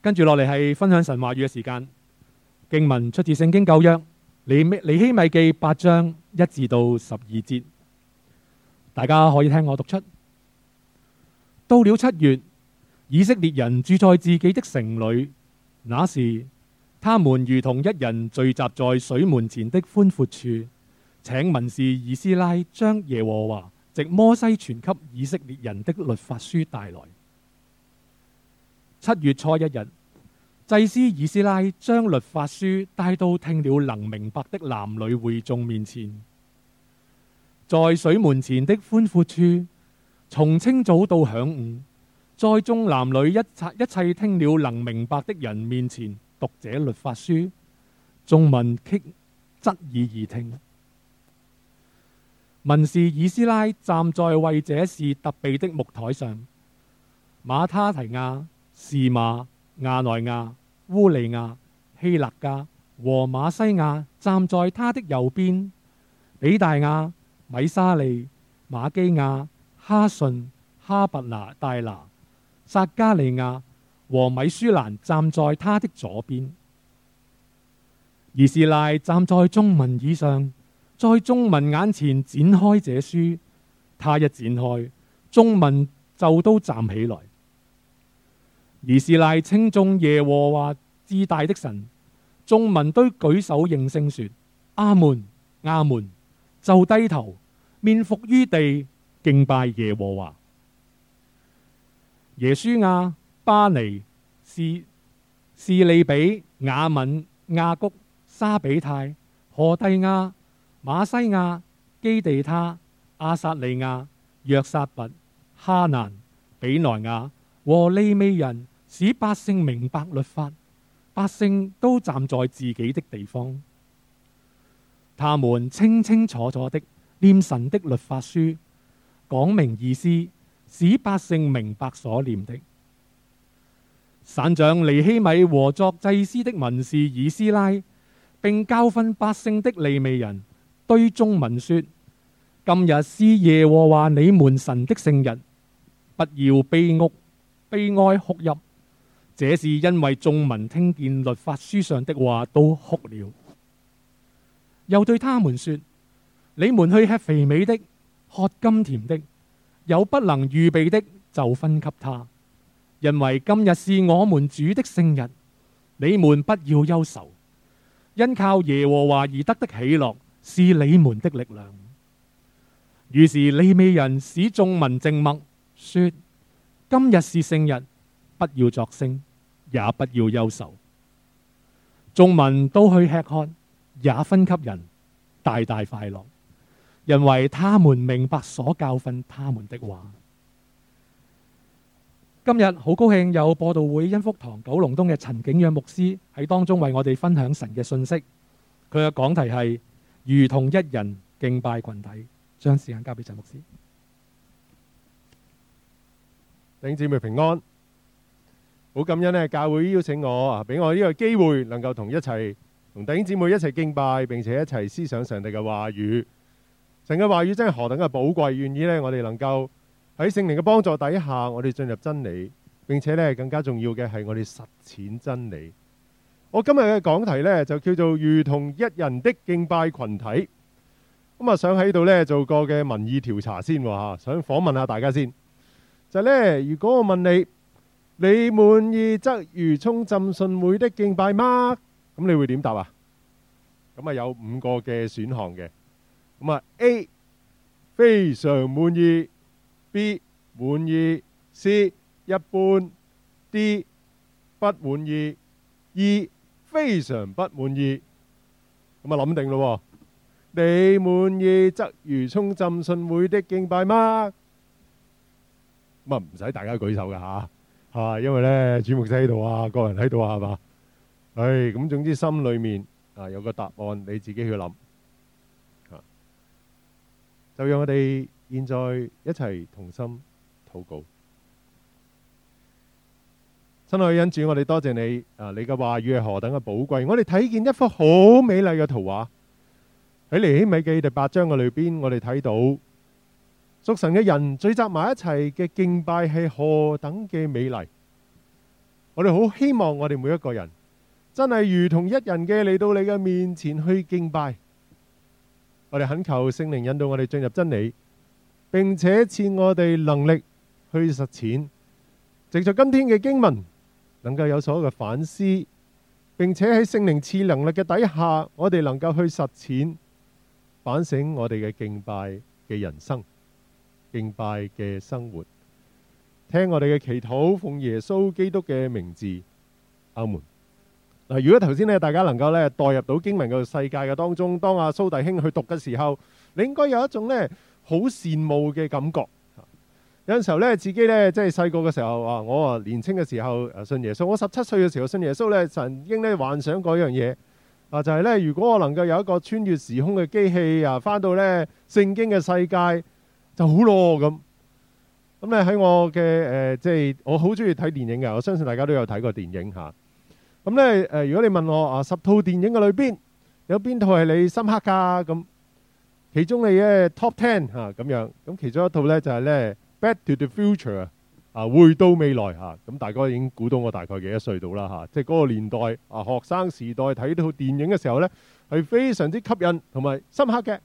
跟住落嚟係分享神話語嘅時間，經文出自聖經舊約尼希米記八章一至到十二節，大家可以聽我讀出。到了七月，以色列人住在自己的城裏，那時他們如同一人聚集在水門前的寬闊處，請文士以斯拉將耶和華藉摩西傳給以色列人的律法書帶來。七月初一日，祭司以斯拉將律法書帶到聽了能明白的男女會眾面前，在水門前的寬闊處，從清早到晌午，在眾男女一一切聽了能明白的人面前讀這律法書，眾民傾側耳而聽。文士以斯拉站在為這事特備的木臺上，馬他提亞。是馬亞奈亞烏利亞希勒家和馬西亞站在他的右邊，比大亞米沙利馬基亞哈順哈伯拿大拿撒加利亞和米舒蘭站在他的左邊。而是乃站在眾民以上，在眾民眼前展開這書，他一展開，眾民就都站起來。而是賴稱頌耶和華至大的神，眾民都舉手應聲說：阿門，阿門！就低頭面伏於地敬拜耶和華。耶舒亞、巴尼、是是利比、亞敏、亞谷、沙比泰、荷第亞、馬西亞、基地他、阿撒利亞、約沙伯、哈南、比奈亞和利未人。使百姓明白律法，百姓都站在自己的地方，他們清清楚楚的念神的律法書，講明意思，使百姓明白所念的。省長尼希米和作祭司的文士以斯拉，並教訓百姓的利未人，對眾民說：今日是耶和華你們神的聖日，不要悲哀悲哀，哭泣。這是因為眾民聽見律法書上的話都哭了，又對他們說：你們去吃肥美的，喝甘甜的，有不能預備的就分給他。因為今日是我們主的聖日，你們不要憂愁，因靠耶和華而得的喜樂是你們的力量。於是利未人使眾民靜默，說：今日是聖日，不要作聲。也不要憂愁，眾民都去吃喝，也分給人，大大快樂，因為他們明白所教訓他們的話。今日好高興有播道會恩福堂九龍東嘅陳景仰牧師喺當中為我哋分享神嘅信息。佢嘅講題係如同一人敬拜群體，將時間交俾陳牧師。頂姊妹平安。好感恩呢教會邀請我，俾我呢個機會，能夠同一齊同弟兄姊妹一齊敬拜，並且一齊思想上帝嘅話語。神嘅話語真係何等嘅寶貴，願意呢我哋能夠喺聖靈嘅幫助底下，我哋進入真理，並且呢更加重要嘅係我哋實踐真理。我今日嘅講題呢，就叫做如同一人的敬拜群體。咁啊、嗯，想喺度呢做個嘅民意調查先吓，想訪問下大家先。就係，呢，如果我問你，你滿意則如沖浸信會的敬拜嗎？咁你會點答啊？咁啊有五個嘅選項嘅，咁啊 A 非常滿意，B 滿意，C 一般，D 不滿意，E 非常不滿意。咁啊諗定咯，你滿意則如沖浸信會的敬拜嗎？咁啊唔使大家舉手噶吓。啊，因為咧主牧師喺度啊，個人喺度啊，係嘛？唉，咁總之心裏面啊有個答案，你自己去諗。吓，就讓我哋現在一齊同心禱告。親愛的恩主，我哋多謝你啊！你嘅話語係何等嘅寶貴！我哋睇見一幅好美麗嘅圖畫喺尼希米記第八章嘅裏邊，我哋睇到。屬神嘅人聚集埋一齊嘅敬拜係何等嘅美麗！我哋好希望我哋每一個人真係如同一人嘅，嚟到你嘅面前去敬拜。我哋懇求聖靈引導我哋進入真理，並且賜我哋能力去實踐。藉着今天嘅經文，能夠有所嘅反思，並且喺聖靈賜能力嘅底下，我哋能夠去實踐反省我哋嘅敬拜嘅人生。敬拜嘅生活，聽我哋嘅祈禱，奉耶穌基督嘅名字，阿門。嗱，如果頭先咧，大家能夠咧代入到經文嘅世界嘅當中，當阿、啊、蘇弟兄去讀嘅時候，你應該有一種咧好羨慕嘅感覺。啊、有陣時候咧，自己咧即係細個嘅時候啊，我啊年輕嘅時候誒信耶穌，我十七歲嘅時候信耶穌咧，曾經咧幻想過一樣嘢啊，就係、是、咧如果我能夠有一個穿越時空嘅機器啊，翻到咧聖經嘅世界。就好咯咁，咁咧喺我嘅誒、呃，即係我好中意睇電影嘅，我相信大家都有睇過電影嚇。咁咧誒，如果你問我啊，十套電影嘅裏邊有邊套係你深刻噶咁、啊？其中你嘅 top ten 嚇、啊、咁樣，咁、啊、其中一套咧就係、是、咧《Back to the Future 啊》啊，回到未來嚇，咁大家已經估到我大概幾多歲到啦嚇，即係嗰個年代啊，學生時代睇呢套電影嘅時候咧，係非常之吸引同埋深刻嘅。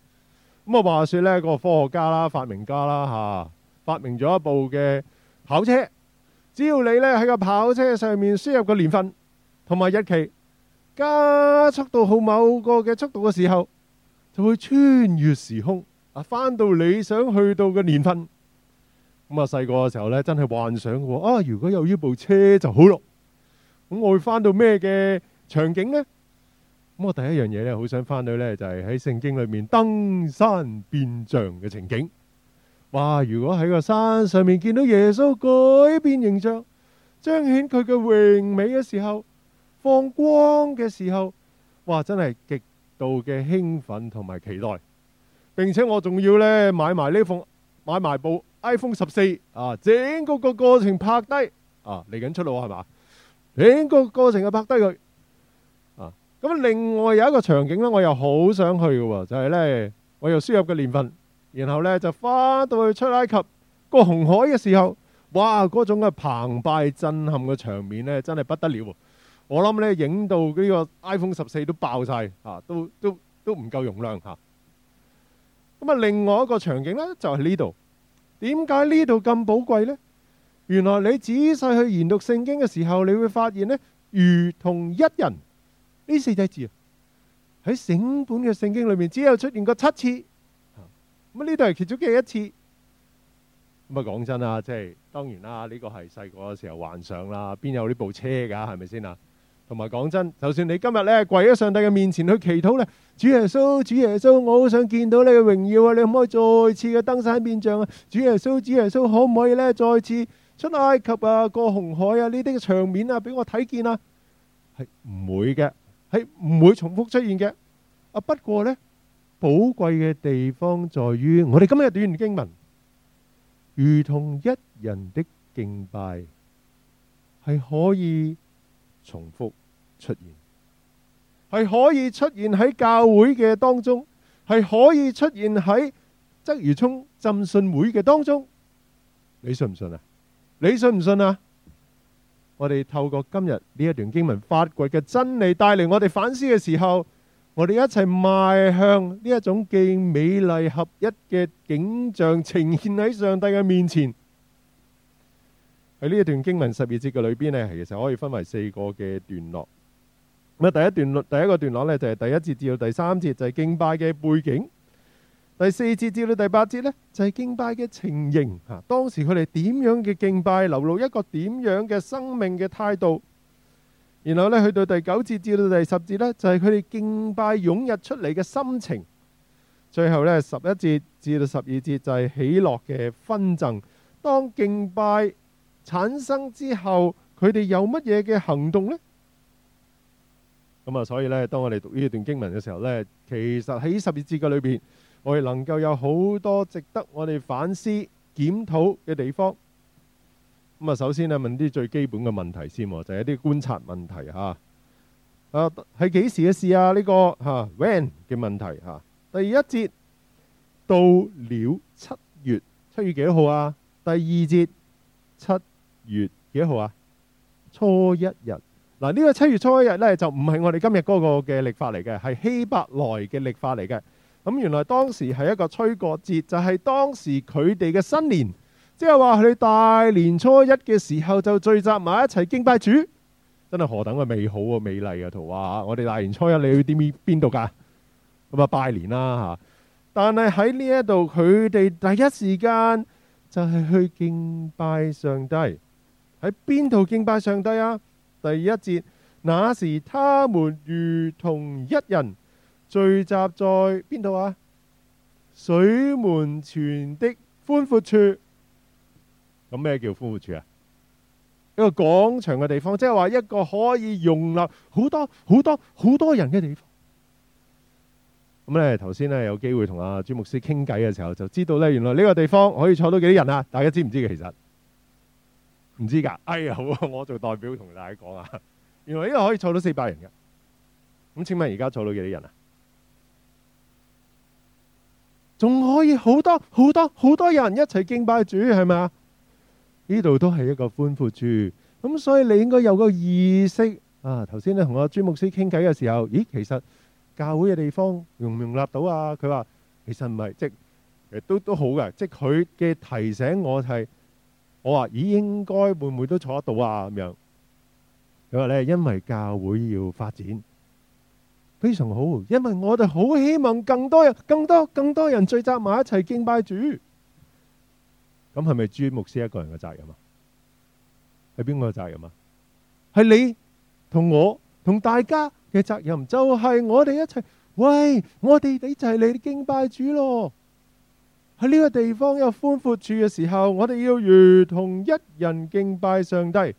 咁啊，話說呢，個科學家啦、發明家啦吓、啊，發明咗一部嘅跑車，只要你呢喺個跑車上面輸入個年份同埋日期，加速到好某個嘅速度嘅時候，就會穿越時空啊，翻到你想去到嘅年份。咁啊，細個嘅時候呢，真係幻想過啊，如果有呢部車就好咯。咁我會翻到咩嘅場景呢？咁我第一樣嘢咧，好想翻到咧，就係喺聖經裏面登山變像嘅情景。哇！如果喺個山上面見到耶穌改變形象，彰顯佢嘅榮美嘅時候，放光嘅時候，哇！真係極度嘅興奮同埋期待，並且我仲要咧買埋呢份買埋部 iPhone 十四啊，整個個過程拍低啊，嚟緊出路係嘛？整個過程嘅拍低佢。咁另外有一個場景呢，我又好想去嘅喎，就係呢，我又輸入個年份，然後呢就翻到去出埃及個紅海嘅時候，哇！嗰種嘅澎湃震撼嘅場面呢，真係不得了。我諗呢影到呢個 iPhone 十四都爆晒，嚇，啊，都都都唔夠容量嚇。咁啊，另外一個場景呢，就係呢度。點解呢度咁寶貴呢？原來你仔細去研讀聖經嘅時候，你會發現呢，如同一人。呢四隻字喺整本嘅聖經裏面只有出現過七次，咁呢度係其中嘅一次。唔係講真啊，即係當然啦，呢個係細個嘅時候幻想啦，邊有呢部車㗎？係咪先啊？同埋講真，就算你今日咧跪喺上帝嘅面前去祈禱咧，主耶穌，主耶穌，我好想見到你嘅榮耀啊！你可唔可以再次嘅登山變像啊？主耶穌，主耶穌，可唔可以呢再次出埃及啊、過紅海啊呢啲嘅場面啊俾我睇見啊？係唔會嘅。係唔會重複出現嘅，啊不過呢寶貴嘅地方在於，我哋今日嘅短經文，如同一人的敬拜，係可以重複出現，係可以出現喺教會嘅當中，係可以出現喺鰂魚涌浸信會嘅當中，你信唔信啊？你信唔信啊？我哋透過今日呢一段經文發掘嘅真理，帶嚟我哋反思嘅時候，我哋一齊邁向呢一種既美麗合一嘅景象呈現喺上帝嘅面前。喺呢一段經文十二節嘅裏邊呢，其實可以分為四個嘅段落。咁啊，第一段落，第一個段落呢，就係第一節至到第三節，就係敬拜嘅背景。第四節至到第八節呢，就係、是、敬拜嘅情形。吓、啊，當時佢哋點樣嘅敬拜，流露一個點樣嘅生命嘅態度。然後呢，去到第九節至到第十節呢，就係佢哋敬拜湧入出嚟嘅心情。最後呢，十一節至到十二節就係喜樂嘅分贈。當敬拜產生之後，佢哋有乜嘢嘅行動呢？咁啊，所以呢，當我哋讀呢段經文嘅時候呢，其實喺十二節嘅裏邊。我哋能夠有好多值得我哋反思檢討嘅地方。咁啊，首先咧問啲最基本嘅問題先，就係一啲觀察問題嚇。啊，係幾時嘅事啊？呢個嚇，when 嘅問題嚇啊。第一節到了七月，七月幾號啊？第二節七月幾號啊？初一日嗱，呢個七月初一日呢，就唔係我哋今日嗰個嘅曆法嚟嘅，係希伯來嘅曆法嚟嘅。咁、嗯、原來當時係一個吹角節，就係、是、當時佢哋嘅新年，即係話佢哋大年初一嘅時候就聚集埋一齊敬拜主，真係何等嘅美好啊、美麗啊圖畫啊！話我哋大年初一你去啲邊度㗎？咁啊拜年啦、啊、嚇！但係喺呢一度佢哋第一時間就係去敬拜上帝，喺邊度敬拜上帝啊？第一節，那時他們如同一人。聚集在邊度啊？水門前的寬闊處。咁咩叫寬闊處啊？一個廣場嘅地方，即係話一個可以容納好多好多好多人嘅地方。咁咧，頭先咧有機會同阿朱牧師傾偈嘅時候，就知道咧，原來呢個地方可以坐到幾多人啊？大家知唔知嘅？其實唔知噶。哎呀，我做代表同大家講啊，原來呢個可以坐到四百人嘅。咁請問而家坐到幾多人啊？仲可以好多好多好多人一齊敬拜主，係咪啊？呢度都係一個寬闊處，咁所以你應該有個意識啊。頭先你同阿朱牧師傾偈嘅時候，咦，其實教會嘅地方容唔容納到啊？佢話其實唔係，即係都都好噶。即係佢嘅提醒我係，我話咦，應該會唔會都坐得到啊？咁樣佢話咧，因為教會要發展。非常好，因為我哋好希望更多人、更多、更多人聚集埋一齊敬拜主。咁係咪朱牧師一個人嘅責任啊？係邊個嘅責任啊？係你同我同大家嘅責任，就係、是、我哋一齊喂，我哋你就係嚟敬拜主咯。喺呢個地方有寬闊處嘅時候，我哋要如同一人敬拜上帝。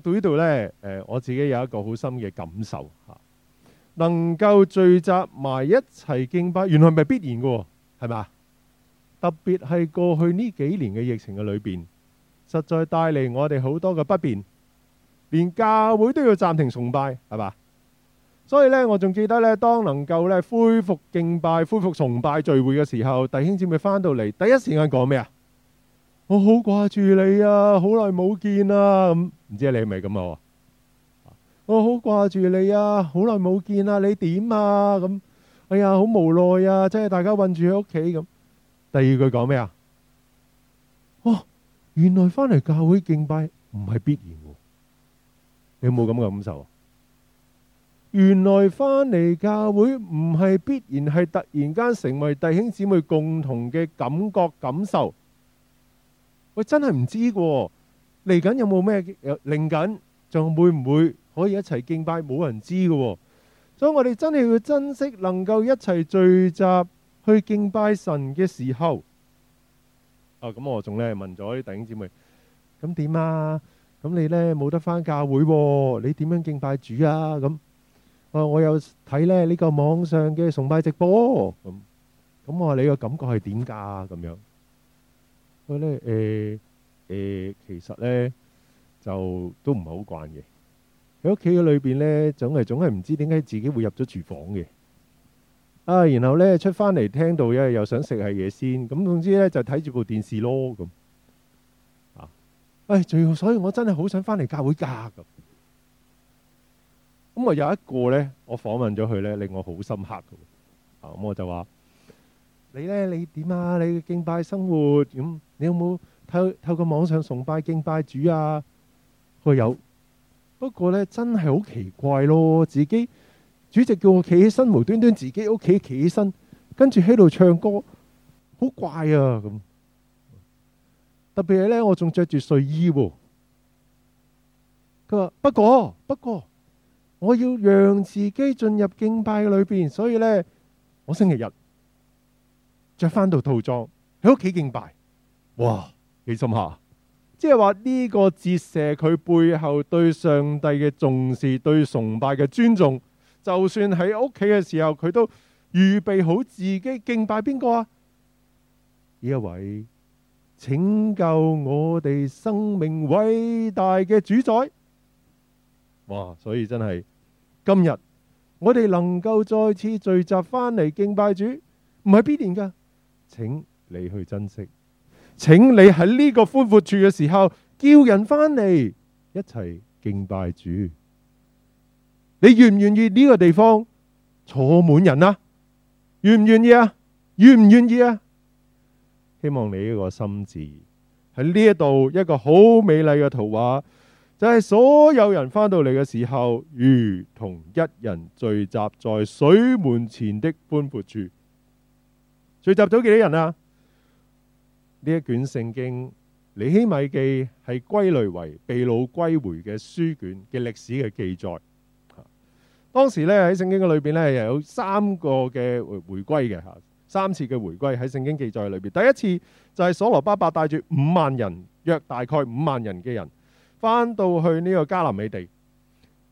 讀到呢度呢，誒、呃，我自己有一個好深嘅感受吓、啊，能夠聚集埋一齊敬拜，原來唔係必然嘅、哦，係嘛？特別係過去呢幾年嘅疫情嘅裏邊，實在帶嚟我哋好多嘅不便，連教會都要暫停崇拜，係嘛？所以呢，我仲記得呢，當能夠咧恢復敬拜、恢復崇拜聚會嘅時候，弟兄姊妹翻到嚟，第一時間講咩啊？我好掛住你啊，好耐冇見啊、嗯唔知你係咪咁啊？我好掛住你啊，好耐冇見啊，你點啊？咁哎呀，好無奈啊！真係大家困住喺屋企咁。第二句講咩啊？哦，原來翻嚟教會敬拜唔係必然嘅。你有冇咁嘅感受啊？原來翻嚟教會唔係必然，係突然間成為弟兄姊妹共同嘅感覺感受。我真係唔知嘅。嚟緊有冇咩靈緊？仲會唔會可以一齊敬拜？冇人知嘅，所以我哋真係要珍惜能夠一齊聚集去敬拜神嘅時候。啊，咁我仲咧問咗啲弟兄姊妹，咁點啊？咁你咧冇得返教會，你點樣敬拜主啊？咁我有睇咧呢個網上嘅崇拜直播，咁咁我話你個感覺係點噶？咁樣佢咧誒。誒，其實呢，就都唔係好慣嘅，喺屋企嘅裏邊呢，總係總係唔知點解自己會入咗廚房嘅，啊，然後呢，出翻嚟聽到又又想食下嘢先，咁總之呢，就睇住部電視咯咁，啊，哎，最所以我真係好想翻嚟教會家咁，咁啊有一個呢，我訪問咗佢呢，令我好深刻嘅，咁、啊、我就話你呢？你點啊？你嘅敬拜生活咁、嗯，你有冇？透透過網上崇拜敬拜主啊，佢有。不過咧，真係好奇怪咯，自己主席叫我企起身，無端端自己屋企企起身，跟住喺度唱歌，好怪啊咁。特別係咧，我仲着住睡衣喎、哦。佢話：不過不過，我要讓自己進入敬拜裏邊，所以咧，我星期日着返套套裝喺屋企敬拜。哇！你心下，即係話呢個折射佢背後對上帝嘅重視，對崇拜嘅尊重。就算喺屋企嘅時候，佢都預備好自己敬拜邊個啊？呢一位拯救我哋生命偉大嘅主宰。哇！所以真係，今日我哋能夠再次聚集翻嚟敬拜主，唔係必然噶，請你去珍惜。請你喺呢個寬闊處嘅時候，叫人返嚟一齊敬拜主。你願唔願意呢個地方坐滿人啊？願唔願意啊？願唔願意啊？希望你呢個心智喺呢一度，一個好美麗嘅圖畫，就係所有人返到嚟嘅時候，如同一人聚集在水門前的寬闊處。聚集咗幾多人啊？呢一卷聖經尼希米記係歸類為被擄歸回嘅書卷嘅歷史嘅記載，啊。當時呢，喺聖經嘅裏邊咧有三個嘅回歸嘅吓，三次嘅回歸喺聖經記載裏邊。第一次就係所羅巴伯帶住五萬人，約大概五萬人嘅人翻到去呢個迦南美地。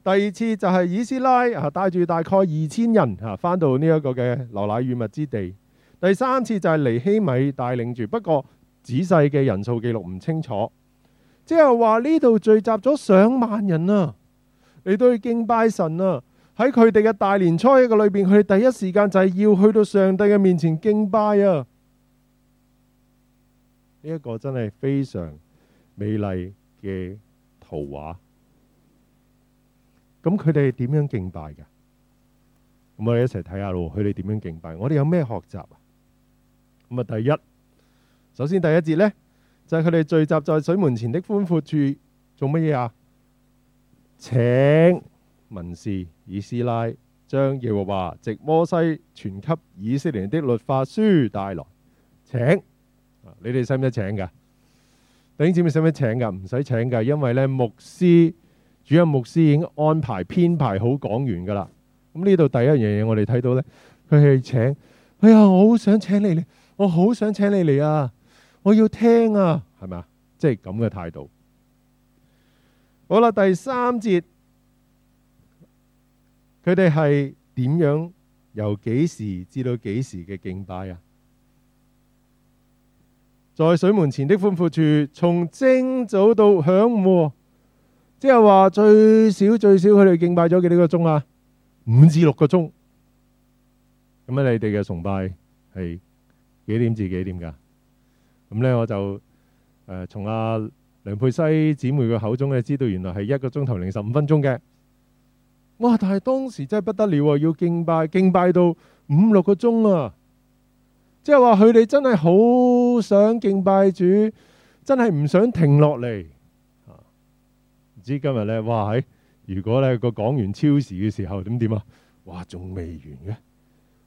第二次就係以斯拉啊帶住大概二千人啊翻到呢一個嘅流奶與蜜之地。第三次就係尼希米帶領住，不過。仔細嘅人數記錄唔清楚，即係話呢度聚集咗上萬人啊！你都要敬拜神啊！喺佢哋嘅大年初一個裏邊，佢哋第一時間就係要去到上帝嘅面前敬拜啊！呢一個真係非常美麗嘅圖畫。咁佢哋係點樣敬拜嘅？咁我哋一齊睇下咯，佢哋點樣敬拜？我哋有咩學習啊？咁啊，第一。首先第一節呢，就係佢哋聚集在水門前的寬闊處，做乜嘢啊？請文士以斯拉將耶和華直摩西傳給以色列的律法書帶來，請你哋使唔使請噶？弟兄姊妹使唔使請噶？唔使請噶，因為咧牧師主任牧師已經安排編排好講員噶啦。咁呢度第一樣嘢我哋睇到呢，佢係請，哎呀，我好想請你嚟，我好想請你嚟啊！我要聽啊，係咪啊？即係咁嘅態度。好啦，第三節佢哋係點樣由幾時至到幾時嘅敬拜啊？在水門前的寬闊處，從清早到晌午，即係話最少最少，佢哋敬拜咗幾多個鐘啊？五至六個鐘咁樣，你哋嘅崇拜係幾點至幾點噶？咁咧，我就誒從阿梁佩西姊妹嘅口中咧知道，原來係一個鐘頭零十五分鐘嘅。哇！但係當時真係不得了啊，要敬拜敬拜到五六個鐘啊！即係話佢哋真係好想敬拜主，真係唔想停落嚟啊！唔知今日咧，哇！如果咧個講完超時嘅時候點點啊？哇！仲未完嘅，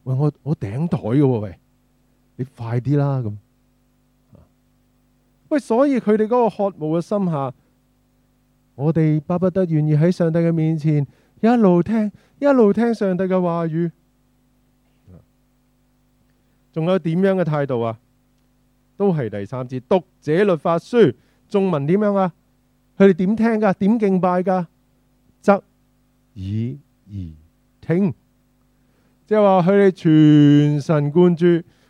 喂我我頂台嘅喂，你快啲啦咁。所以佢哋嗰個渴慕嘅心下，我哋巴不，不得願意喺上帝嘅面前一路聽一路聽上帝嘅話語，仲、嗯、有點樣嘅態度啊？都係第三節，讀者律法書，眾民點樣啊？佢哋點聽噶？點敬拜噶？側耳而以聽，即係話佢哋全神貫注。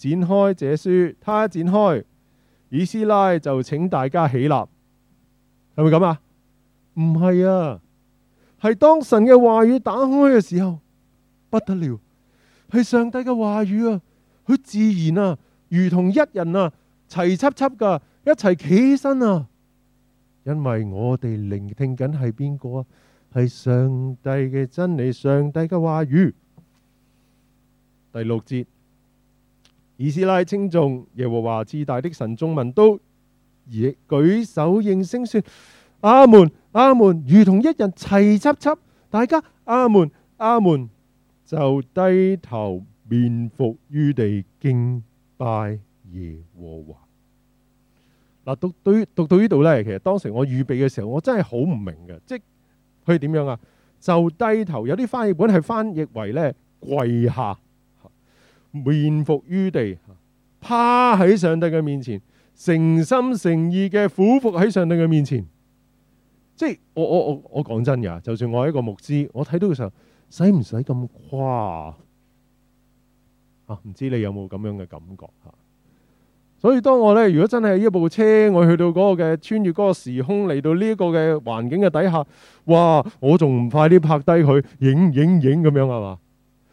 展開這書，他展開，以斯拉就請大家起立，係咪咁啊？唔係啊，係當神嘅話語打開嘅時候，不得了，係上帝嘅話語啊！佢自然啊，如同一人啊，齊齊齊噶，一齊企起身啊！因為我哋聆聽緊係邊個啊？係上帝嘅真理，上帝嘅話語。第六節。以斯拉稱頌，耶和華至大的神眾民都亦舉手應聲說：阿門，阿門！如同一人齊齊齊，大家阿門，阿門，就低頭面伏於地敬拜耶和華。嗱、啊，讀對讀到呢度呢，其實當時我預備嘅時候，我真係好唔明嘅，即係佢點樣啊？就低頭，有啲翻譯本係翻譯為咧跪下。面伏於地，趴喺上帝嘅面前，誠心誠意嘅俯伏喺上帝嘅面前。即係我我我我講真噶，就算我係一個牧師，我睇到嘅時候，使唔使咁誇啊？唔知你有冇咁樣嘅感覺吓？所以當我呢，如果真係一部車，我去到嗰個嘅穿越嗰個時空嚟到呢一個嘅環境嘅底下，哇！我仲唔快啲拍低佢影影影咁樣係嘛？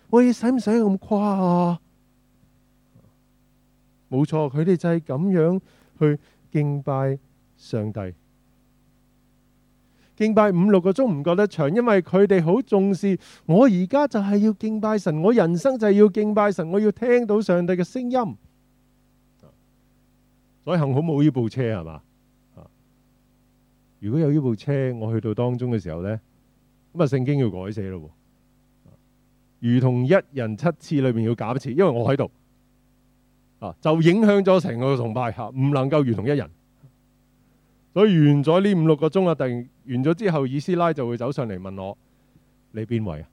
喂，使唔使咁誇啊？冇錯，佢哋就係咁樣去敬拜上帝，敬拜五六個鐘唔覺得長，因為佢哋好重視。我而家就係要敬拜神，我人生就係要敬拜神，我要聽到上帝嘅聲音。啊、所以幸好冇呢部車係咪？啊，如果有呢部車，我去到當中嘅時候呢，咁啊聖經要改寫咯，啊，如同一人七次裏面要假一次，因為我喺度。啊！就影響咗成個崇拜吓，唔能夠如同一人。所以完咗呢五六個鐘啊，定完咗之後，以斯拉就會走上嚟問我：你邊位啊？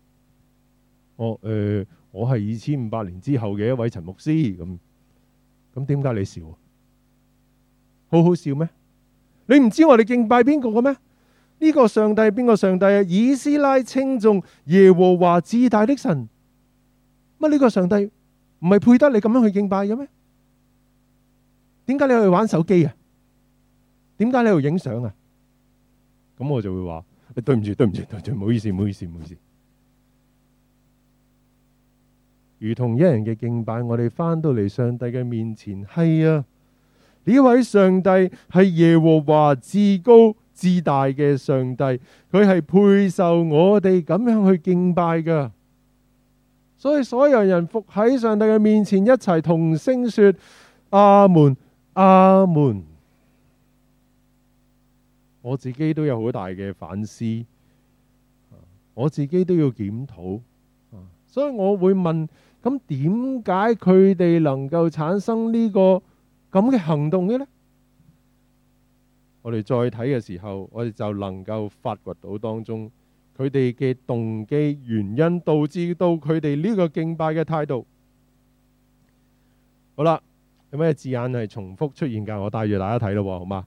我誒、呃，我係二千五百年之後嘅一位陳牧師。咁咁點解你笑啊？好好笑咩？你唔知我哋敬拜邊個嘅咩？呢，這個上帝係邊個上帝啊？以斯拉稱頌耶和華至大的神。乜呢個上帝？唔係配得你咁樣去敬拜嘅咩？點解你去玩手機啊？點解你去影相啊？咁我就會話：對唔住，對唔住，對唔住，唔好意思，唔好意思，唔好意思。如同一人嘅敬拜，我哋翻到嚟上帝嘅面前，係啊，呢位上帝係耶和華至高至大嘅上帝，佢係配受我哋咁樣去敬拜㗎。所以所有人伏喺上帝嘅面前，一齊同聲說阿門阿門。我自己都有好大嘅反思，我自己都要檢討。所以我會問，咁點解佢哋能夠產生呢個咁嘅行動嘅呢？我哋再睇嘅時候，我哋就能夠發掘到當中，佢哋嘅動機原因，導致到佢哋呢個敬拜嘅態度。好啦，有咩字眼係重複出現㗎？我帶住大家睇咯，好嘛？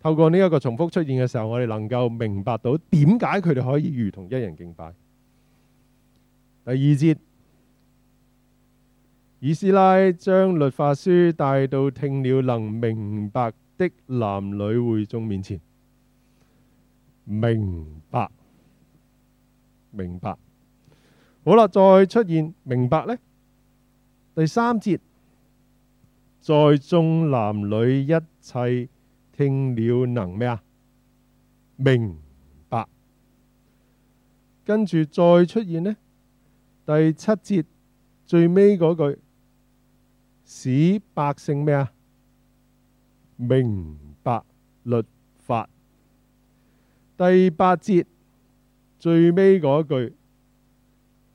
透過呢一個重複出現嘅時候，我哋能夠明白到點解佢哋可以如同一人敬拜。第二節，以斯拉將律法書帶到聽了能明白的男女會眾面前，明白。明白，好啦，再出現明白呢，第三節，在眾男女一切聽了能咩啊？明白，跟住再出現呢，第七節最尾嗰句，使百姓咩啊？明白律法，第八節。最尾嗰一句，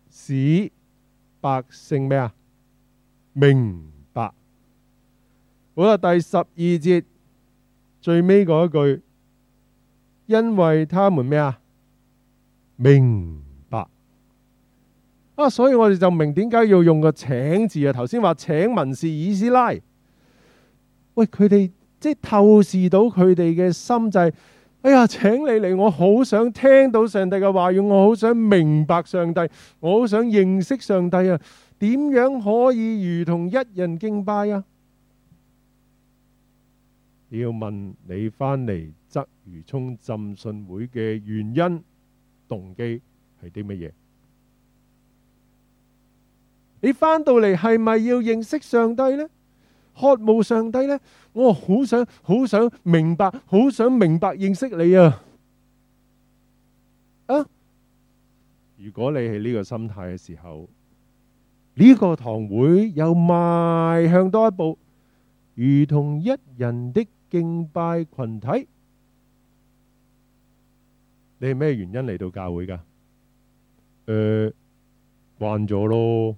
使百姓咩啊？明白。好啦，第十二節最尾嗰一句，因為他們咩啊？明白。啊，所以我哋就明點解要用個請字啊？頭先話請文士以斯拉，喂，佢哋即係透視到佢哋嘅心就係哎呀，請你嚟，我好想聽到上帝嘅話語，我好想明白上帝，我好想認識上帝啊！點樣可以如同一人敬拜啊？你要問你返嚟鰂魚涌浸信會嘅原因、動機係啲乜嘢？你返到嚟係咪要認識上帝呢？渴慕上帝呢，我好想好想明白，好想明白認識你啊！啊，如果你係呢個心態嘅時候，呢個堂會又邁向多一步，如同一人的敬拜群體。你係咩原因嚟到教會噶？誒，慣咗咯，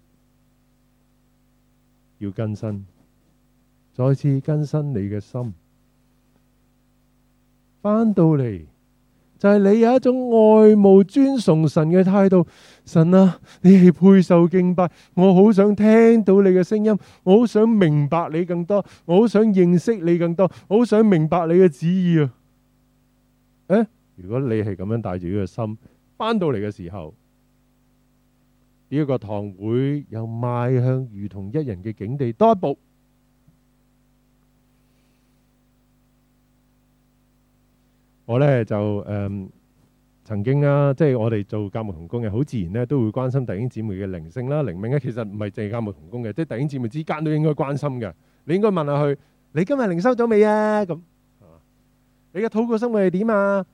要更新。再次更新你嘅心，翻到嚟就係你有一種愛慕尊崇神嘅態度。神啊，你係配受敬拜，我好想聽到你嘅聲音，我好想明白你更多，我好想認識你更多，我好想明白你嘅旨意啊！誒，如果你係咁樣帶住呢個心翻到嚟嘅時候，呢一個堂會又邁向如同一人嘅境地多一步。我咧就誒曾經啊，即係我哋做教牧同工嘅，好自然咧都會關心弟兄姊妹嘅靈性啦、靈命啊。其實唔係淨係教牧同工嘅，即係弟兄姊妹之間都應該關心嘅。你應該問下佢：你今日靈修咗未啊？咁，你嘅禱告生活係點啊？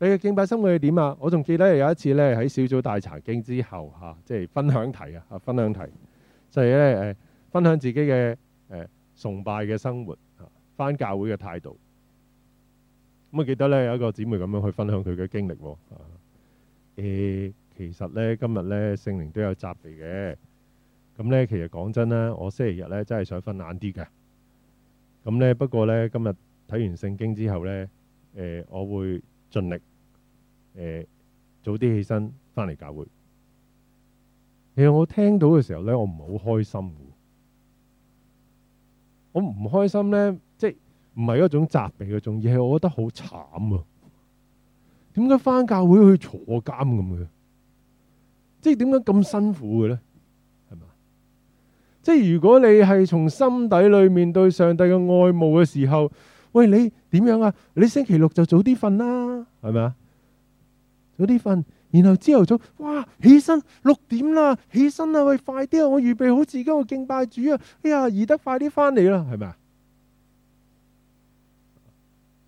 你嘅敬拜生活係點啊？我仲記得有一次咧喺小組大查經之後嚇，即係分享題啊，分享題就係咧誒分享自己嘅誒崇拜嘅生活嚇，返教會嘅態度。咁我記得咧有一個姊妹咁樣去分享佢嘅經歷，誒，其實咧今日咧聖靈都有責備嘅，咁咧其實講真啦，我星期日咧真係想瞓晏啲嘅，咁咧不過咧今日睇完聖經之後咧，誒我會盡力，誒早啲起身返嚟教會。其實我聽到嘅時候咧，我唔好開心，我唔開心咧。唔係嗰種責備嗰種，而係我覺得好慘啊！點解翻教會去坐監咁嘅？即係點解咁辛苦嘅咧？係嘛？即係如果你係從心底裏面對上帝嘅愛慕嘅時候，喂，你點樣啊？你星期六就早啲瞓啦，係咪啊？吧早啲瞓，然後朝頭早，哇！起身六點啦，起身啊！喂，快啲啊！我預備好自己，我敬拜主啊！哎呀，宜得快啲翻嚟啦，係咪啊？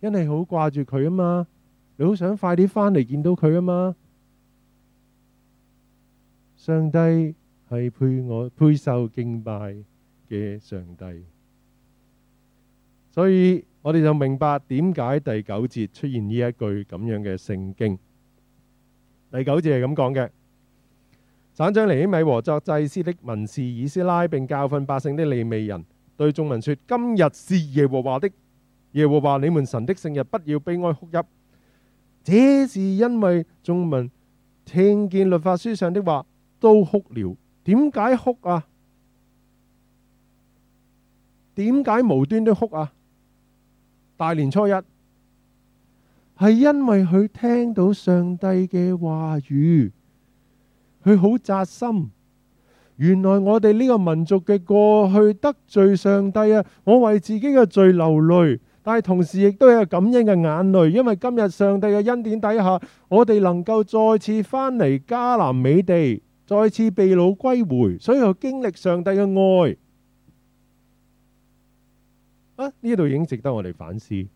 因你好掛住佢啊嘛，你好想快啲翻嚟見到佢啊嘛。上帝係配我配受敬拜嘅上帝，所以我哋就明白點解第九節出現呢一句咁樣嘅聖經。第九節係咁講嘅：省長尼希米和作祭司的文士以斯拉，並教訓百姓的利未人，對眾民說：今日是耶和華的。耶和華你們神的聖日，不要悲哀哭泣。這是因為眾民聽見律法書上的話，都哭了。點解哭啊？點解無端端哭啊？大年初一，係因為佢聽到上帝嘅話語，佢好扎心。原來我哋呢個民族嘅過去得罪上帝啊！我為自己嘅罪流淚。但係同時亦都有感恩嘅眼淚，因為今日上帝嘅恩典底下，我哋能夠再次返嚟迦南美地，再次被擄歸，歸回，所以又經歷上帝嘅愛啊。呢度已經值得我哋反思。弟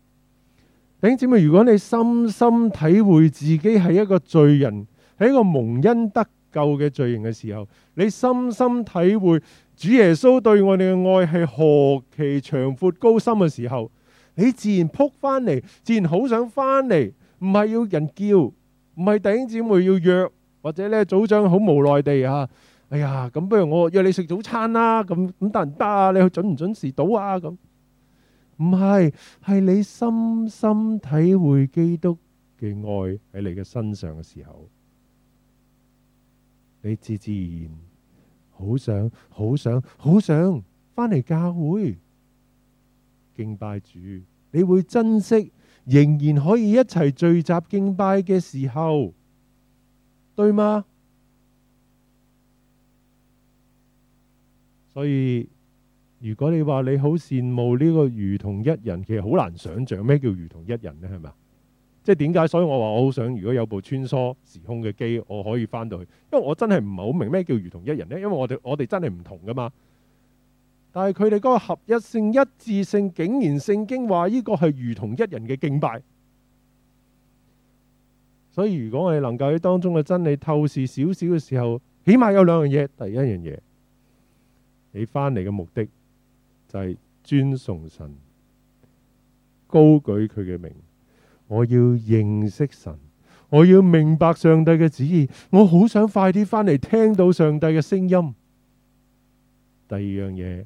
兄姊妹，如果你深深體會自己係一個罪人，係一個蒙恩得救嘅罪人嘅時候，你深深體會主耶穌對我哋嘅愛係何其長闊高深嘅時候。你自然撲翻嚟，自然好想翻嚟，唔係要人叫，唔係弟兄姊妹要約，或者呢組長好無奈地啊，哎呀，咁不如我約你食早餐啦，咁咁得唔得啊？你去準唔準時到啊？咁唔係，係你深深體會基督嘅愛喺你嘅身上嘅時候，你自自然然好想、好想、好想翻嚟教會敬拜主。你會珍惜仍然可以一齊聚集敬拜嘅時候，對嗎？所以如果你話你好羨慕呢個如同一人，其實好難想象咩叫如同一人呢，係咪？即係點解？所以我話我好想如果有部穿梭時空嘅機，我可以翻到去，因為我真係唔係好明咩叫如同一人呢，因為我哋我哋真係唔同噶嘛。但係佢哋嗰個合一性、一致性，竟然聖經話呢個係如同一人嘅敬拜。所以如果我哋能夠喺當中嘅真理透視少少嘅時候，起碼有兩樣嘢。第一樣嘢，你翻嚟嘅目的就係尊崇神，高舉佢嘅名。我要認識神，我要明白上帝嘅旨意。我好想快啲翻嚟聽到上帝嘅聲音。第二樣嘢。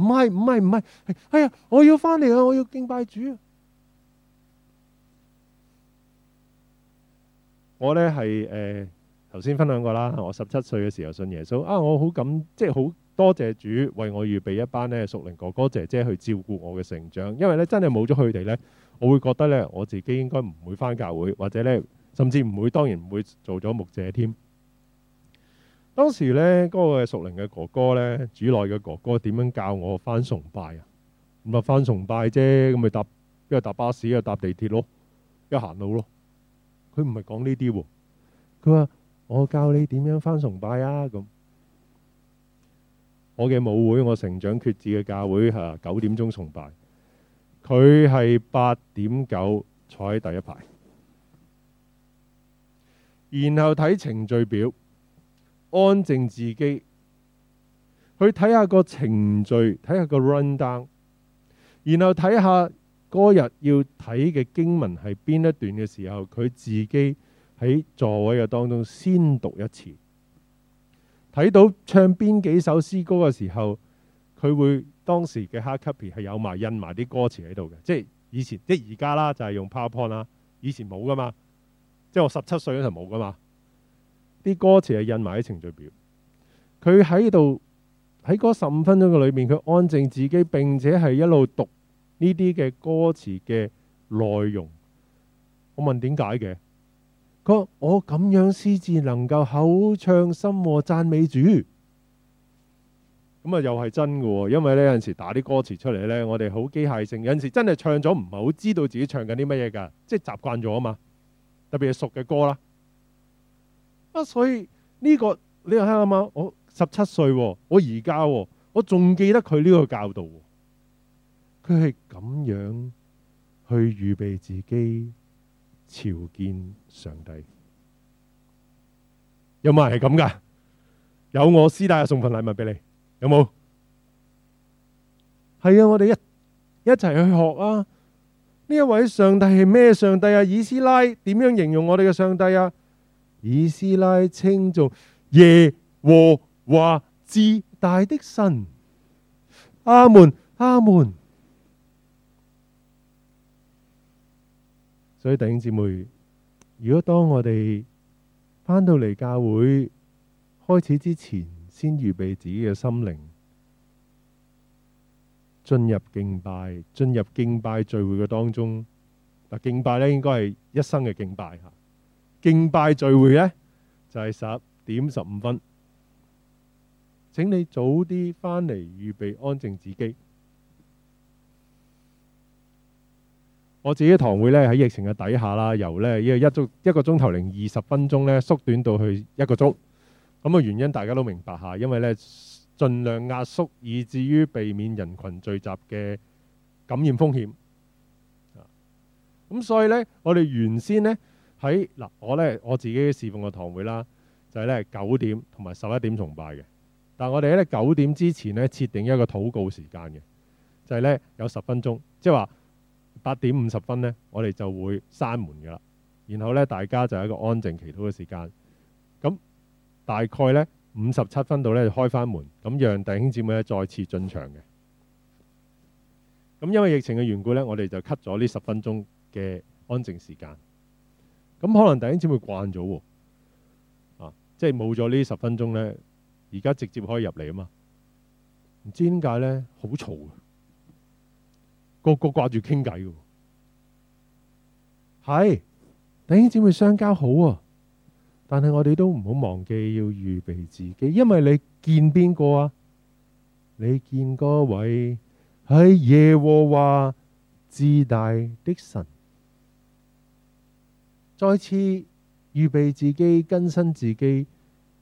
唔係唔係唔係，係啊！我要翻嚟啊！我要敬拜主。我呢係誒頭先分享過啦。我十七歲嘅時候信耶穌啊！我好感即係好多謝主為我預備一班呢屬靈哥哥姐姐去照顧我嘅成長。因為呢真係冇咗佢哋呢，我會覺得呢我自己應該唔會翻教會，或者呢甚至唔會當然唔會做咗牧者添。當時呢嗰、那個熟齡嘅哥哥呢，主內嘅哥哥點樣教我返崇拜啊？唔係返崇拜啫，咁咪搭，一係搭巴士，一係搭地鐵咯，一行路咯。佢唔係講呢啲喎。佢話：我教你點樣返崇拜啊！咁，我嘅母會，我成長決志嘅教會嚇九、啊、點鐘崇拜，佢係八點九坐喺第一排，然後睇程序表。安靜自己，去睇下個程序，睇下個 rundown，然後睇下嗰日要睇嘅經文係邊一段嘅時候，佢自己喺座位嘅當中先讀一次。睇到唱邊幾首詩歌嘅時候，佢會當時嘅 hard copy 係有埋印埋啲歌詞喺度嘅，即係以前即係而家啦，就係用 powerpoint 啦，以前冇噶嘛，即係我十七歲嗰陣冇噶嘛。啲歌詞係印埋喺程序表，佢喺度喺嗰十五分鐘嘅裏面，佢安靜自己，並且係一路讀呢啲嘅歌詞嘅內容。我問點解嘅？佢我咁樣先至能夠口唱心和讚美主，咁啊又係真嘅喎、哦。因為呢有陣時打啲歌詞出嚟呢，我哋好機械性，有陣時真係唱咗唔係好知道自己唱緊啲乜嘢㗎，即係習慣咗啊嘛。特別係熟嘅歌啦。啊！所以呢、這個你又睇啱嘛？我十七歲，我而家我仲記得佢呢個教導。佢係咁樣去預備自己朝見上帝。有冇人係咁噶？有我師弟啊送份禮物俾你，有冇？係啊！我哋一一齊去學啊！呢一位上帝係咩上帝啊？以斯拉點樣形容我哋嘅上帝啊？以斯拉稱頌耶和華至大的神，阿門阿門。所以弟兄姊妹，如果當我哋返到嚟教會開始之前，先預備自己嘅心靈，進入敬拜，進入敬拜聚會嘅當中，嗱敬拜咧應該係一生嘅敬拜。敬拜聚會呢就係十點十五分，請你早啲返嚟預備安靜自己。我自己堂會呢喺疫情嘅底下啦，由呢一個一鐘一個鐘頭零二十分鐘呢縮短到去一個鐘。咁嘅原因大家都明白下，因為呢盡量壓縮，以至於避免人群聚集嘅感染風險。咁所以呢，我哋原先呢。喺嗱，我咧我自己侍奉嘅堂會啦，就係咧九點同埋十一點崇拜嘅。但係我哋喺咧九點之前咧設定一個禱告時間嘅，就係咧有十分鐘，即係話八點五十分咧，我哋就會閂門噶啦。然後咧大家就係一個安靜祈禱嘅時間。咁大概咧五十七分度咧開翻門，咁讓弟兄姊妹咧再次進場嘅。咁因為疫情嘅緣故咧，我哋就 cut 咗呢十分鐘嘅安靜時間。咁可能弟兄姊妹慣咗喎，啊，啊，即係冇咗呢十分鐘呢，而家直接可以入嚟啊嘛？唔知點解呢，好嘈嘅，個個掛住傾偈嘅，係 弟兄姊妹相交好啊，但係我哋都唔好忘記要預備自己，因為你見邊個啊？你見嗰位係耶和華至大的神。再次預備自己，更新自己。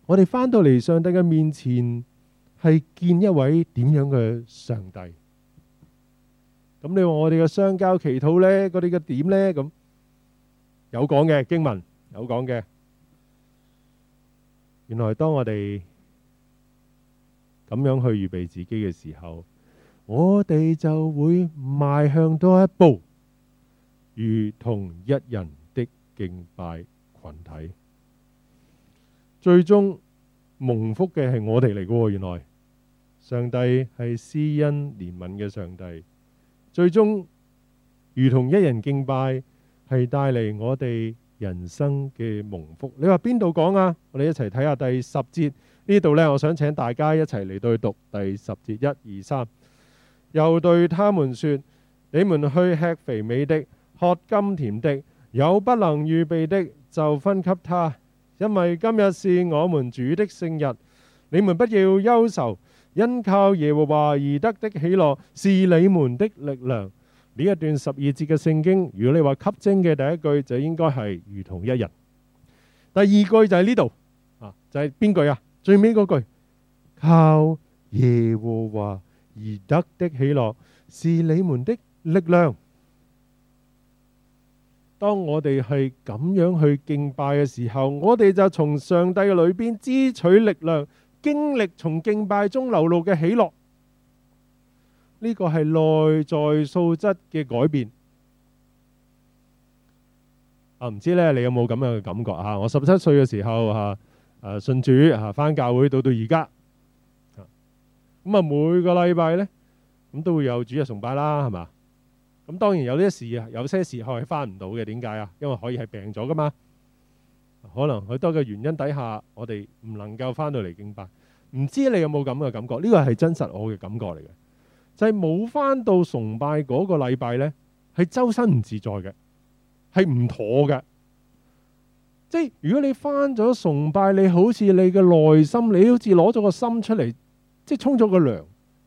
我哋翻到嚟上帝嘅面前，係見一位點樣嘅上帝？咁你話我哋嘅相交祈禱呢？嗰啲嘅點呢？咁有講嘅經文有講嘅。原來當我哋咁樣去預備自己嘅時候，我哋就會邁向多一步，如同一人。敬拜群體，最終蒙福嘅係我哋嚟嘅。原來上帝係施恩憐憫嘅上帝，最終如同一人敬拜，係帶嚟我哋人生嘅蒙福。你話邊度講啊？我哋一齊睇下第十節呢度呢，我想請大家一齊嚟對讀第十節一二三，又對他們說：你們去吃肥美的，喝甘甜的。有不能預備的就分給他，因為今日是我們主的聖日。你們不要憂愁，因靠耶和華而得的喜樂是你們的力量。呢一段十二節嘅聖經，如果你話吸睛嘅第一句就應該係如同一人」；第二句就喺呢度啊，就係、是、邊句啊？最尾嗰句，靠耶和華而得的喜樂是你們的力量。當我哋係咁樣去敬拜嘅時候，我哋就從上帝嘅裏邊支取力量，經歷從敬拜中流露嘅喜樂。呢、這個係內在素質嘅改變。啊，唔知咧，你有冇咁樣嘅感覺啊？我十七歲嘅時候吓，誒、啊啊、信主吓，返、啊、教會到到而家，咁啊每個禮拜咧，咁都會有主日崇拜啦，係嘛？咁當然有啲事，有些時候係翻唔到嘅。點解啊？因為可以係病咗噶嘛，可能好多嘅原因底下，我哋唔能夠翻到嚟敬拜。唔知你有冇咁嘅感覺？呢個係真實我嘅感覺嚟嘅，就係冇翻到崇拜嗰個禮拜呢，係周身唔自在嘅，係唔妥嘅。即係如果你翻咗崇拜，你好似你嘅內心，你好似攞咗個心出嚟，即係沖咗個涼，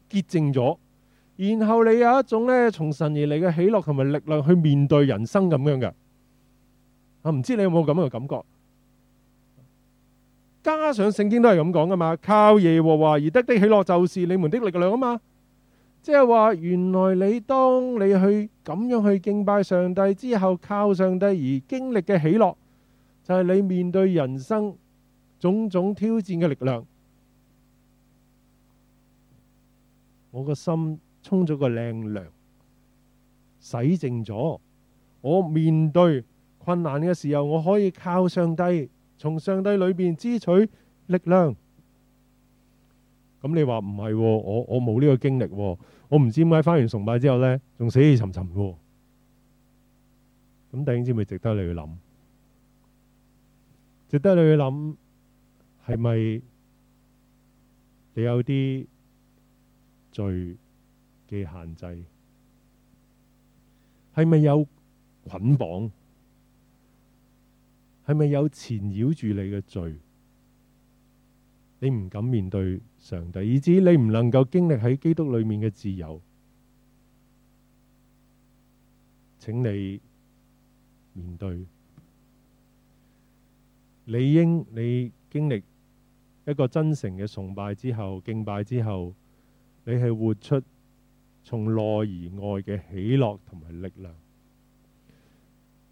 潔淨咗。然後你有一種咧，從神而嚟嘅喜樂同埋力量去面對人生咁樣嘅，啊唔知你有冇咁樣嘅感覺？加上聖經都係咁講噶嘛，靠耶和華而得的喜樂就是你們的力量啊嘛，即係話原來你當你去咁樣去敬拜上帝之後，靠上帝而經歷嘅喜樂，就係你面對人生種種挑戰嘅力量。我個心。沖咗個靚涼，洗淨咗。我面對困難嘅時候，我可以靠上帝，從上帝裏邊支取力量。咁你話唔係？我我冇呢個經歷。哦，我唔知點解返完崇拜之後呢，仲死氣沉沉噶。咁弟兄姊妹值得你去諗，值得你去諗，係咪你，你有啲罪，嘅限制，係咪有捆綁？係咪有纏繞住你嘅罪？你唔敢面對上帝，以至你唔能夠經歷喺基督裏面嘅自由。請你面對，理應你經歷一個真誠嘅崇拜之後，敬拜之後，你係活出。從內而外嘅喜樂同埋力量。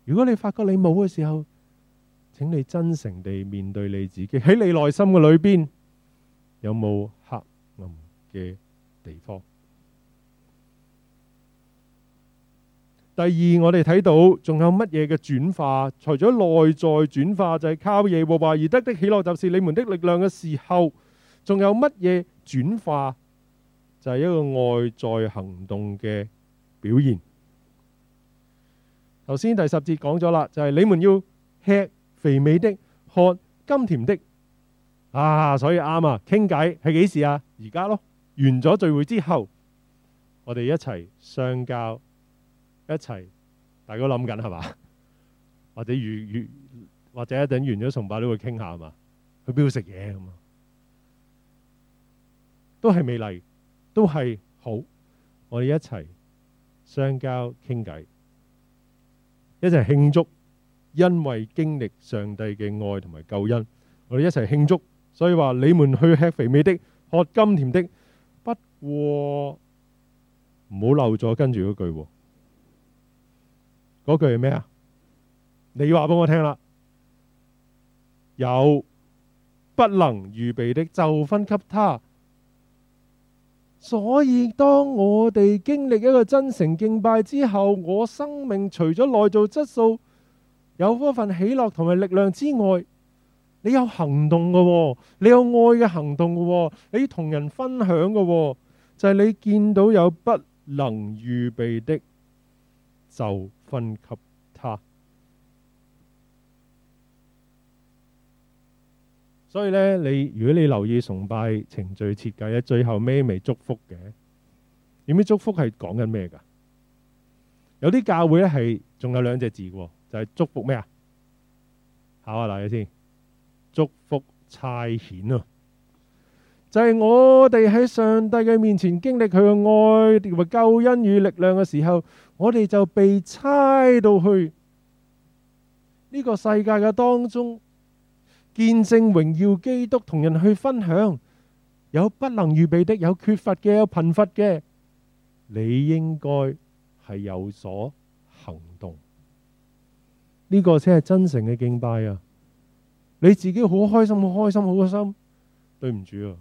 如果你發覺你冇嘅時候，請你真誠地面對你自己，喺你內心嘅裏邊有冇黑暗嘅地方？第二，我哋睇到仲有乜嘢嘅轉化？除咗內在轉化，就係靠耶和華而得的喜樂，就是你們的力量嘅時候，仲有乜嘢轉化？就係一個外在行動嘅表現。頭先第十節講咗啦，就係、是、你們要吃肥美的，喝甘甜的。啊，所以啱啊！傾偈係幾時啊？而家咯，完咗聚會之後，我哋一齊相交，一齊大家諗緊係嘛？或者完或者等完咗崇拜都會傾下係嘛？去邊度食嘢咁啊？都係美麗。都係好，我哋一齊相交傾偈，一齊慶祝，因為經歷上帝嘅愛同埋救恩，我哋一齊慶祝。所以話你們去吃肥美的，喝甘甜的，不過唔好漏咗跟住嗰句，嗰句係咩啊？你話俾我聽啦，有不能預備的就分給他。所以，當我哋經歷一個真誠敬拜之後，我生命除咗內造質素有嗰份喜樂同埋力量之外，你有行動㗎喎，你有愛嘅行動㗎喎，你同人分享㗎喎，就係你見到有不能預備的，就分給他。所以呢，你如果你留意崇拜程序設計咧，最後咩未祝福嘅，點樣祝福係講緊咩噶？有啲教會咧係仲有兩隻字嘅，哦，就係、是、祝福咩啊？考下大家先，祝福差遣啊，哦！就係、是、我哋喺上帝嘅面前經歷佢嘅愛同救恩與力量嘅時候，我哋就被差到去呢個世界嘅當中。見證榮耀基督同人去分享，有不能預備的，有缺乏嘅，有貧乏嘅，你應該係有所行動，呢個先係真誠嘅敬拜啊！你自己好開心，好開心，好開心，對唔住啊！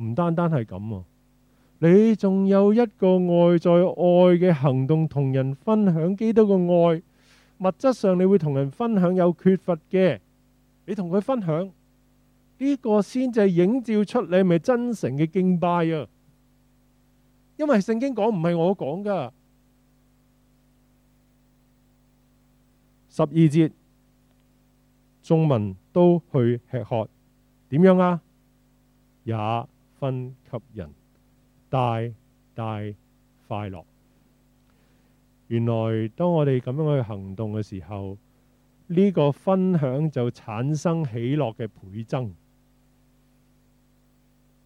唔單單係咁啊，你仲有一個外在愛嘅行動，同人分享基督嘅愛。物質上你會同人分享有缺乏嘅，你同佢分享呢個先至係映照出你咪真誠嘅敬拜啊！因為聖經講唔係我講噶，十二節眾民都去吃喝，點樣啊？也分給人，大大快樂。原來當我哋咁樣去行動嘅時候，呢個分享就產生喜樂嘅倍增。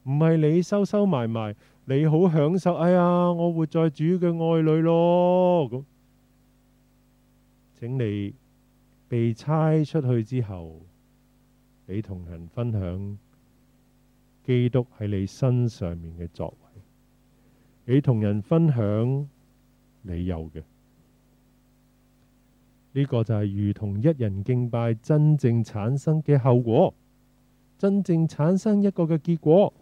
唔係你收收埋埋，你好享受。哎呀，我活在主嘅愛裏咯。咁，請你被差出去之後，你同人分享基督喺你身上面嘅作為。你同人分享，你有嘅。呢個就係如同一人敬拜真正產生嘅後果，真正產生一個嘅結果。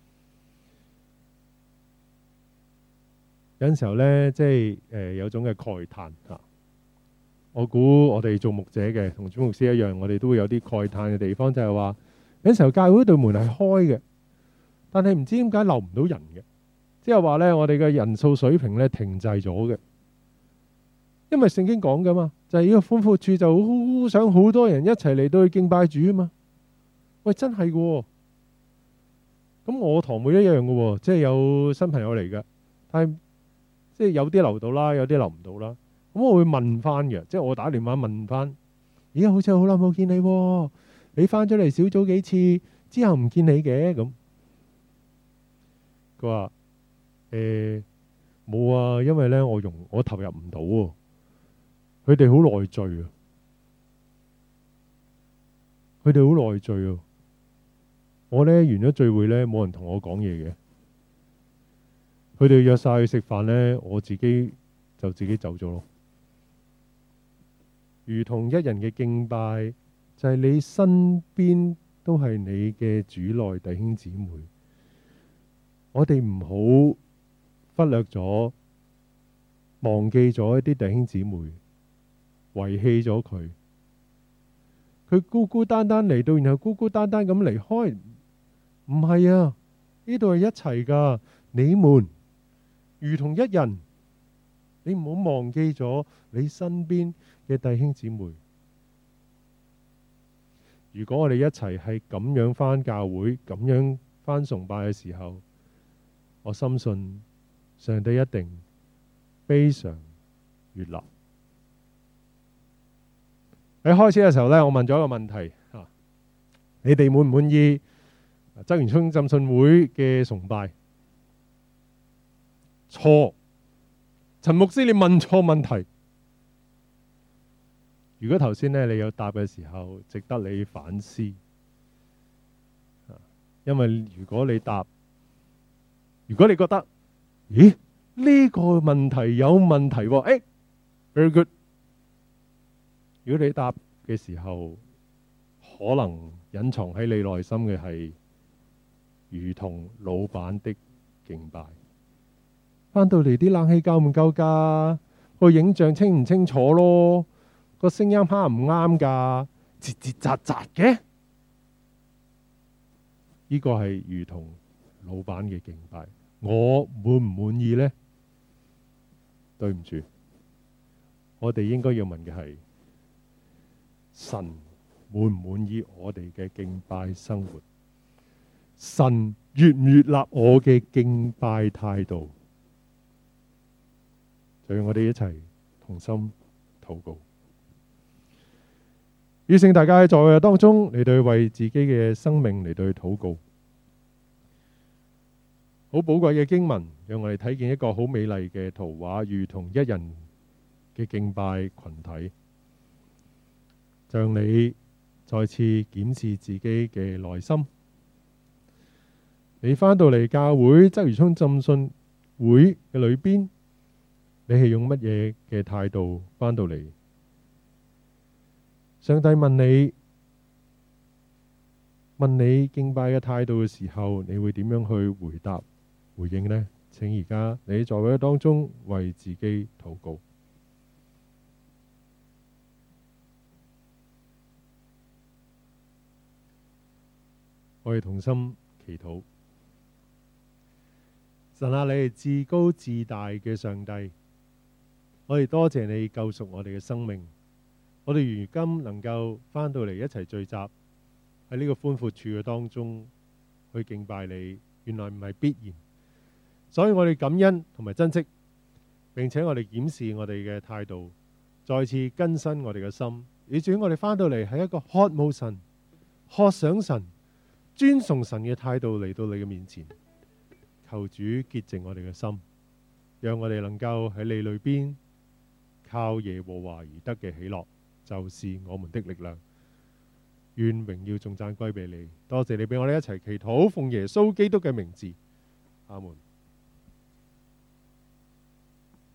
有陣時候呢，即係、呃、有種嘅慨嘆嚇。我估我哋做牧者嘅，同祖牧師一樣，我哋都會有啲慨嘆嘅地方，就係、是、話有陣時候教會嗰對門係開嘅，但係唔知點解留唔到人嘅，即係話呢，我哋嘅人數水平呢，停滯咗嘅。因為聖經講噶嘛，就係、是、呢個寬闊處就好想好多人一齊嚟，到去敬拜主啊嘛。喂，真係嘅、哦，咁我堂妹一樣嘅、哦，即係有新朋友嚟嘅，但係即係有啲留到啦，有啲留唔到啦。咁我會問翻嘅，即係我打電話問翻。咦，好似好耐冇見你、哦，你翻咗嚟小組幾次之後唔見你嘅咁。佢話：誒，冇啊，因為咧我用我投入唔到。佢哋好內聚啊！佢哋好內聚啊！我呢完咗聚會呢，冇人同我講嘢嘅。佢哋約晒去食飯呢，我自己就自己走咗咯。如同一人嘅敬拜，就係你身邊都係你嘅主內弟兄姊妹。我哋唔好忽略咗、忘記咗一啲弟兄姊妹。遺棄咗佢，佢孤孤單單嚟到，然後孤孤單單咁離開，唔係啊？呢度係一齊㗎，你們如同一人。你唔好忘記咗你身邊嘅弟兄姊妹。如果我哋一齊係咁樣返教會、咁樣返崇拜嘅時候，我深信上帝一定非常悅納。喺開始嘅時候咧，我問咗一個問題啊，你哋滿唔滿意周元春浸信會嘅崇拜？錯，陳牧師，你問錯問題。如果頭先咧你有答嘅時候，值得你反思，因為如果你答，如果你覺得，咦呢個問題有問題喎，啊，誒，欸，very good。如果你答嘅時候，可能隱藏喺你內心嘅係，如同老闆的敬拜。返到嚟啲冷氣夠唔夠噶？個影像清唔清楚咯？個聲音啱唔啱噶，吱吱喳喳嘅。呢個係如同老闆嘅敬拜。我滿唔滿意呢？對唔住，我哋應該要問嘅係。神滿唔滿意我哋嘅敬拜生活？神悅唔悅納我嘅敬拜態度？就讓我哋一齊同心禱告。以請大家喺在座當中嚟到為自己嘅生命嚟到去禱告。好寶貴嘅經文，讓我哋睇見一個好美麗嘅圖畫，如同一人嘅敬拜群體。讓你再次檢視自己嘅內心。你返到嚟教會，周如沖浸信會嘅裏邊，你係用乜嘢嘅態度返到嚟？上帝問你，問你敬拜嘅態度嘅時候，你會點樣去回答、回應呢？請而家你喺座位當中為自己禱告。我哋同心祈禱，神啊，你係至高至大嘅上帝。我哋多謝你救贖我哋嘅生命。我哋如今能夠翻到嚟，一齊聚集喺呢個寬闊處嘅當中去敬拜你，原來唔係必然，所以我哋感恩同埋珍惜，並且我哋檢視我哋嘅態度，再次更新我哋嘅心。以至於我哋翻到嚟係一個渴慕神、渴想神。尊崇神嘅態度嚟到你嘅面前，求主潔淨我哋嘅心，讓我哋能夠喺你裏邊靠耶和華而得嘅喜樂，就是我們的力量。願榮耀、頌讚歸俾你。多謝你俾我哋一齊祈禱，奉耶穌基督嘅名字，阿門。